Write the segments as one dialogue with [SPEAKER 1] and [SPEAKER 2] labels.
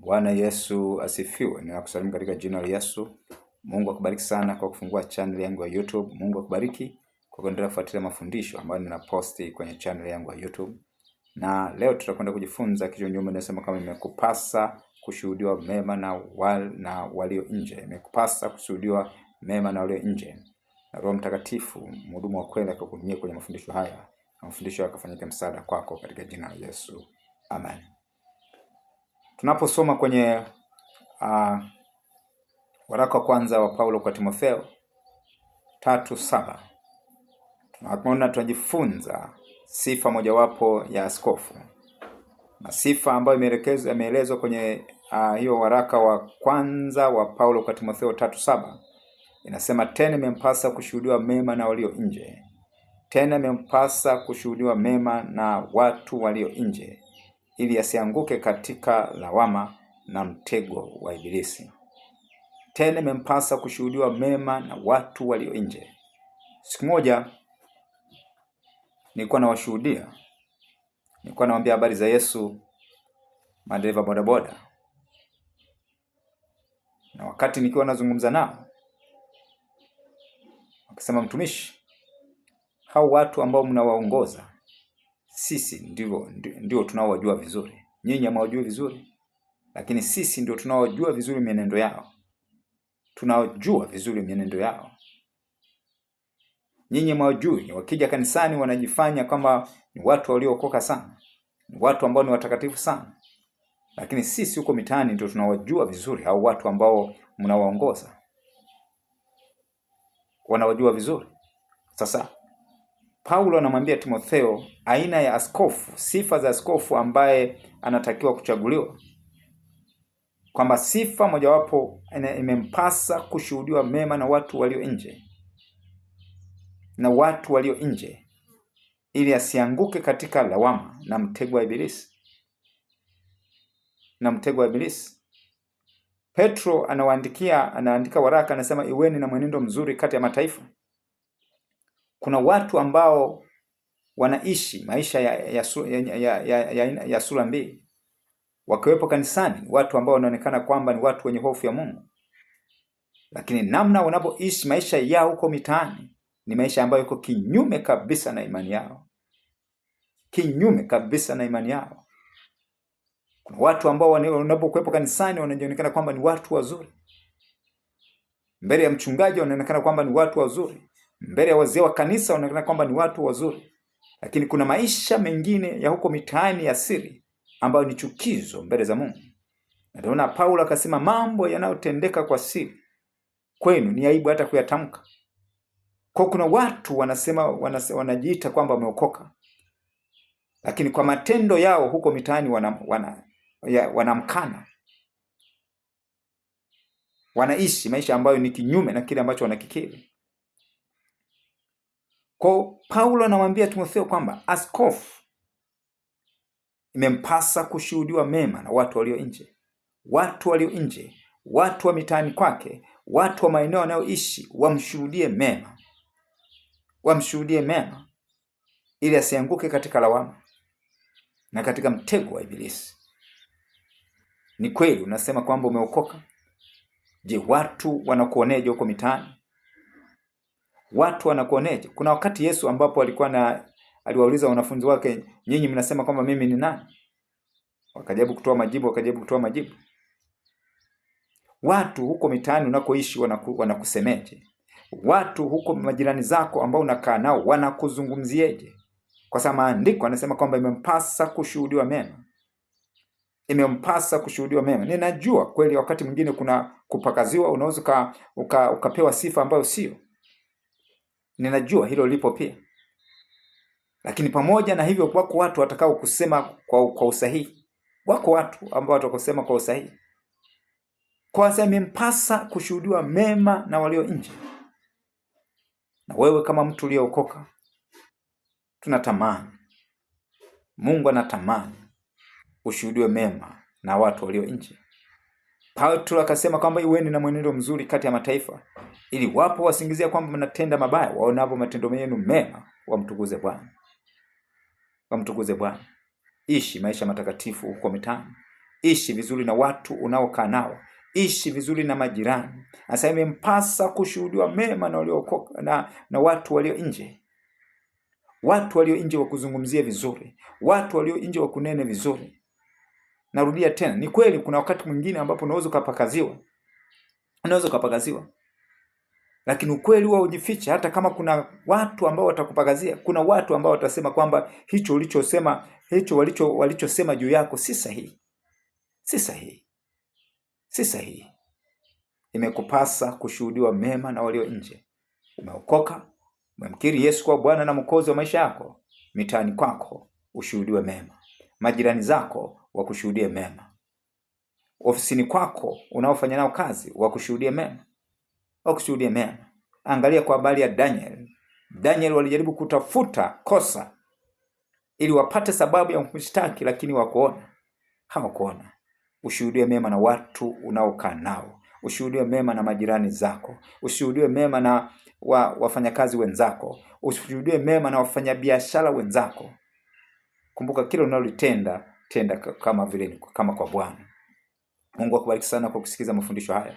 [SPEAKER 1] Bwana Yesu asifiwe. Ninakusalimu katika jina la Yesu. Mungu akubariki sana kwa kufungua channel yangu ya YouTube. Mungu akubariki kwa kuendelea kufuatilia mafundisho ambayo ninaposti kwenye channel yangu ya YouTube. Na leo tutakwenda kujifunza kichwa nyuma inasema kama imekupasa kushuhudiwa mema na wal, na walio nje. Imekupasa kushuhudiwa mema na walio nje. Na Roho Mtakatifu mhudumu wa kweli akakuhudumia kwenye mafundisho haya. mafundisho yakafanyike msaada kwako katika jina la Yesu. Amen. Tunaposoma kwenye uh, waraka wa kwanza wa Paulo kwa Timotheo tatu saba tunaona tunajifunza sifa mojawapo ya askofu, na sifa ambayo imeelezwa kwenye uh, hiyo waraka wa kwanza wa Paulo kwa Timotheo tatu saba inasema, tena imempasa kushuhudiwa mema na walio nje, tena imempasa kushuhudiwa mema na watu walio nje ili asianguke katika lawama na mtego wa Ibilisi. Tena imempasa kushuhudiwa mema na watu walio nje. Siku moja nilikuwa nawashuhudia, nilikuwa nawaambia habari za Yesu madereva bodaboda, na wakati nikiwa nazungumza nao wakasema, mtumishi, hao watu ambao mnawaongoza sisi ndivyo ndio tunaowajua vizuri. Nyinyi hamwajui vizuri, lakini sisi ndio tunaojua vizuri mienendo yao, tunaojua vizuri mienendo yao. Nyinyi mwajui, wakija kanisani wanajifanya kwamba ni watu waliookoka sana, ni watu ambao ni watakatifu sana, lakini sisi huko mitaani ndio tunawajua vizuri au watu ambao mnawaongoza, wanawajua vizuri. Sasa Paulo anamwambia Timotheo aina ya askofu, sifa za askofu ambaye anatakiwa kuchaguliwa, kwamba sifa mojawapo imempasa kushuhudiwa mema na watu walio nje na watu walio nje, ili asianguke katika lawama na mtego wa Ibilisi na mtego wa Ibilisi. Petro anawaandikia, anaandika waraka, anasema iweni na mwenendo mzuri kati ya mataifa kuna watu ambao wanaishi maisha ya, ya, ya, ya, ya, ya, ya sura mbili, wakiwepo kanisani, watu ambao wanaonekana kwamba ni watu wenye hofu ya Mungu, lakini namna wanapoishi maisha yao huko mitaani ni maisha ambayo yuko kinyume kabisa na imani yao, kinyume kabisa na imani yao. Kuna watu ambao wanapokuwepo kanisani wanajionekana kwamba ni watu wazuri, mbele ya mchungaji wanaonekana kwamba ni watu wazuri mbele ya wazee wa kanisa wanaonekana kwamba ni watu wazuri, lakini kuna maisha mengine ya huko mitaani ya siri ambayo ni chukizo mbele za Mungu. Nataona Paulo akasema mambo yanayotendeka kwa siri kwenu ni aibu hata kuyatamka. Kwa kuna watu wanasema, wanasema wanajiita kwamba wameokoka, lakini kwa matendo yao huko mitaani wanamkana wana, wana wanaishi maisha ambayo ni kinyume na kile ambacho wanakikiri. Kwa Paulo anamwambia Timotheo kwamba askofu imempasa kushuhudiwa mema na watu walio nje, watu walio nje, watu wa mitaani kwake, watu wa maeneo anayoishi wamshuhudie mema, wamshuhudie mema ili asianguke katika lawama na katika mtego wa Ibilisi. Ni kweli unasema kwamba umeokoka. Je, watu wanakuoneja huko mitaani? watu wanakuoneje? Kuna wakati Yesu ambapo alikuwa na aliwauliza wanafunzi wake, nyinyi mnasema kwamba mimi ni nani? Wakajaribu kutoa majibu, wakajaribu kutoa majibu. Watu huko mitaani unakoishi wanaku, wanakusemeje? Watu huko majirani zako ambao unakaa nao wanakuzungumzieje? Kwa sababu maandiko anasema kwamba imempasa kushuhudiwa mema, imempasa kushuhudiwa mema. Ninajua kweli wakati mwingine kuna kupakaziwa, unaweza uka, uka, ukapewa sifa ambayo sio ninajua hilo lipo pia, lakini pamoja na hivyo, wako watu watakao kusema kwa, kwa usahihi. Wako watu ambao watakusema kwa usahihi kwa sababu imempasa kushuhudiwa mema na walio nje. Na wewe kama mtu uliyookoka, tunatamani Mungu anatamani ushuhudiwe mema na watu walio nje. Paulo akasema kwamba iweni na mwenendo mzuri kati ya mataifa, ili wapo wasingizia kwamba mnatenda mabaya, waonavyo matendo yenu mema wamtukuze Bwana, wamtukuze Bwana. Ishi maisha matakatifu huko mitaani, ishi vizuri na watu unaokaa nao, ishi vizuri na majirani. Asa, imempasa kushuhudiwa mema na waliokoka na, na watu walio nje, watu walio nje wakuzungumzie vizuri, watu walio nje wakunene vizuri narudia tena, ni kweli kuna wakati mwingine ambapo unaweza ukapakaziwa, unaweza ukapakaziwa, lakini ukweli huwa ujificha. Hata kama kuna watu ambao watakupakazia, kuna watu ambao watasema kwamba hicho ulichosema, hicho walicho walichosema juu yako si sahihi, si sahihi, si sahihi. Imekupasa kushuhudiwa mema na walio nje. Umeokoka, umemkiri Yesu kwa Bwana na Mwokozi wa maisha yako. Mitaani kwako ushuhudiwe mema, majirani zako wakushuhudie mema, ofisini kwako unaofanya nao kazi wakushuhudie mema, wakushuhudie mema. Angalia kwa habari ya Daniel. Daniel walijaribu kutafuta kosa ili wapate sababu ya kumshtaki, lakini wakuona, hawakuona. Ushuhudie mema na watu unaokaa nao, ushuhudie mema na majirani zako, ushuhudie mema na wa, wafanyakazi wenzako, ushuhudie mema na wafanyabiashara wenzako. Kumbuka kila unalolitenda tenda kama vile kama kwa Bwana. Mungu akubariki sana kwa kusikiza mafundisho haya.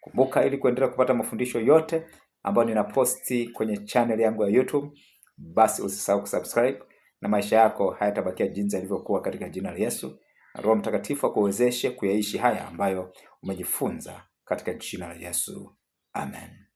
[SPEAKER 1] Kumbuka, ili kuendelea kupata mafundisho yote ambayo ninaposti kwenye channel yangu ya YouTube, basi usisahau kusubscribe na maisha yako hayatabakia jinsi yalivyokuwa katika jina la Yesu. Roho Mtakatifu akuwezeshe kuyaishi haya ambayo umejifunza katika jina la Yesu. Amen.